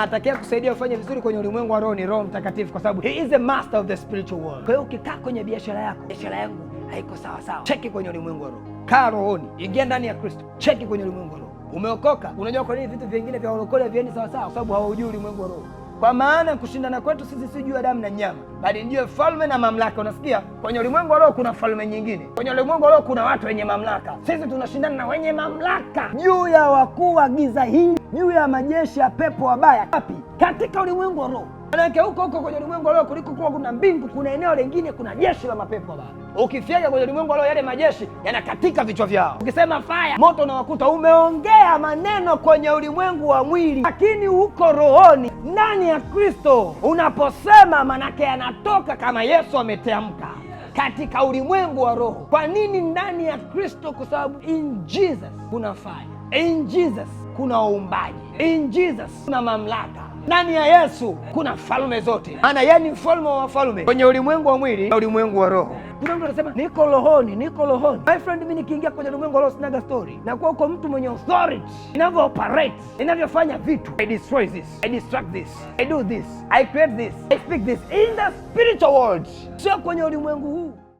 Atakia kusaidia ufanye vizuri kwenye ulimwengu wa roho ni Roho Mtakatifu, kwa sababu he is the master of the spiritual world. Kwa hiyo ukikaa kwenye biashara yako, biashara yangu haiko sawa sawa, cheki kwenye ulimwengu wa roho, kaa rohoni, ingia ndani ya Kristo, cheki kwenye ulimwengu wa roho. Umeokoka, unajua kwa nini vitu vingine vya uokolevi viendi sawa sawa? Kwa sababu hawaujui ulimwengu wa roho. Kwa maana kushindana kwetu sisi si juu ya damu na nyama, bali ni falme na mamlaka. Unasikia, kwenye ulimwengu wa roho kuna falme nyingine, kwenye ulimwengu wa roho kuna watu wenye mamlaka. Sisi tunashindana na wenye mamlaka juu ya wakuu wa giza hili, juu ya majeshi ya pepo wabaya. Wapi? Katika ulimwengu wa roho. Manake huko huko kwenye ulimwengu leo kuliko kuwa kuna mbingu, kuna eneo lingine, kuna jeshi la mapepo baba. Ukifyega kwenye ulimwengu leo, yale majeshi yanakatika vichwa vyao. Ukisema faya, moto unawakuta. Umeongea maneno kwenye ulimwengu wa mwili, lakini huko rohoni, ndani ya Kristo unaposema, manake yanatoka kama Yesu ametamka katika ulimwengu wa roho. Kwa nini ndani ya Kristo? Kwa sababu in Jesus kuna faya, in Jesus kuna uumbaji, in Jesus kuna mamlaka ndani ya Yesu kuna falme zote, maana yeye ni mfalme wa wafalme kwenye ulimwengu wa mwili na ulimwengu wa roho. Kuna mtu anasema niko rohoni, niko rohoni. My friend, mimi nikiingia kwenye ulimwengu wa roho sinaga story, na kuwa uko mtu mwenye authority. Inavyo operate, inavyofanya vitu, I destroy this, I distract this, I do this, I create this, I speak this in the spiritual world, sio kwenye ulimwengu huu.